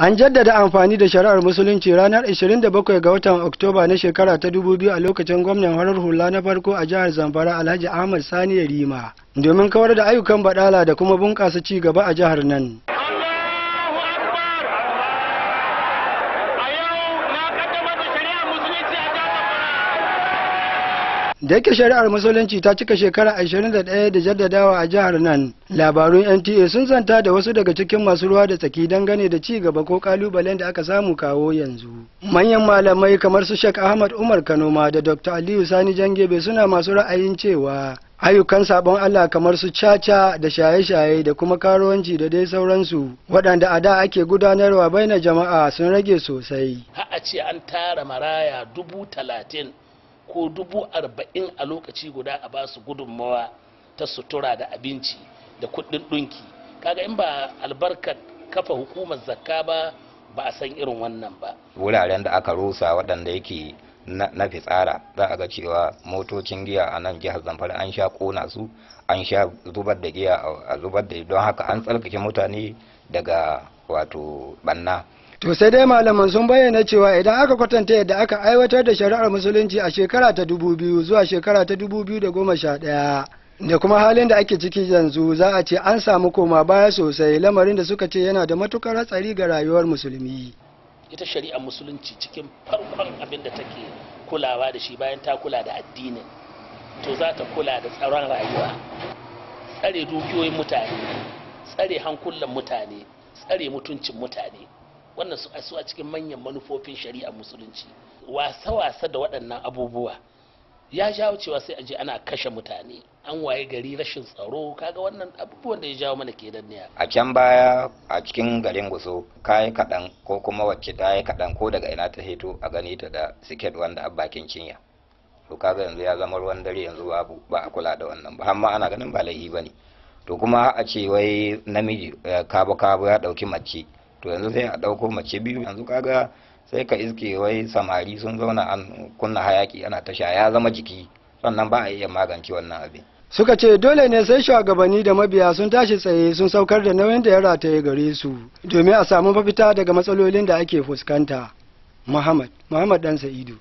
An jaddada amfani da shari'ar Musulunci ranar 27 ga watan Oktoba na shekara ta 2000 a lokacin gwamnan harar hula na farko a jihar Zamfara Alhaji Ahmad Sani Rima domin kawar da ayyukan baɗala da kuma bunƙasa ci gaba a jihar nan. da yake shari'ar musulunci ta cika shekara 21 da jaddadawa a jihar nan labarun nta sun zanta da wasu daga cikin masu ruwa da tsaki dangane da ci gaba ko kalubalen da aka samu kawo yanzu manyan malamai kamar su shek ahmad umar kano ma da dr aliyu sani jangebe suna masu ra'ayin cewa ayyukan sabon Allah kamar su caca da shaye-shaye da kuma karuwanci da dai sauransu waɗanda a da ake gudanarwa bai na jama'a sun rage sosai. Ha'a a ce an tara maraya dubu talatin ko dubu arba'in a lokaci guda a ba su gudunmawa ta sutura da abinci da kuɗin ɗunki kaga in ba albarkar kafa hukumar zakka ba ba a san irin wannan ba wuraren da aka rusa waɗanda yake na fitsara za a ga cewa motocin giya a nan jihar zamfara an sha kona su an sha zubar da giya a zubar da don haka an tsarkake mutane daga wato banna to sai dai malaman sun bayyana cewa idan aka kwatanta yadda aka aiwatar da shari'ar musulunci a shekara ta dubu biyu zuwa shekara ta dubu ɗaya da kuma halin da ake ciki yanzu za a ce an samu koma baya sosai lamarin da suka ce yana da matukar hatsari ga rayuwar musulmi ita shari'ar musulunci cikin farkon abin da take kulawa da shi bayan ta kula da addinin to za ta kula da tsaron rayuwa tsare dukiyoyin mutane tsare hankulan mutane tsare mutuncin mutane wannan su a su cikin manyan manufofin shari'a musulunci wasa-wasa da waɗannan abubuwa ya jawo cewa sai a je ana kashe mutane an waye gari rashin tsaro kaga wannan abubuwan da ya jawo mana kenan niya a can baya a cikin garin guso kayi kaɗan ko kuma wacce ta yi kaɗan ko daga ina ta hito a gani ta da siket wanda a bakin cinya to kaga yanzu ya zama ruwan dare yanzu babu ba a kula da wannan ba amma ana ganin ba laifi bane to kuma a ce wai namiji eh, kabo kabo ya ɗauki mace to yanzu sai a ɗauko mace biyu yanzu kaga sai ka iske wai samari sun zauna an kunna hayaki ana tasha ya zama jiki sannan ba a iya magance wannan abin suka ce dole ne sai shugabanni da mabiya sun tashi tsaye sun saukar da nauyin da ya rataye gare su domin a samu mafita daga matsalolin da ake fuskanta muhammad muhammad dan sa'idu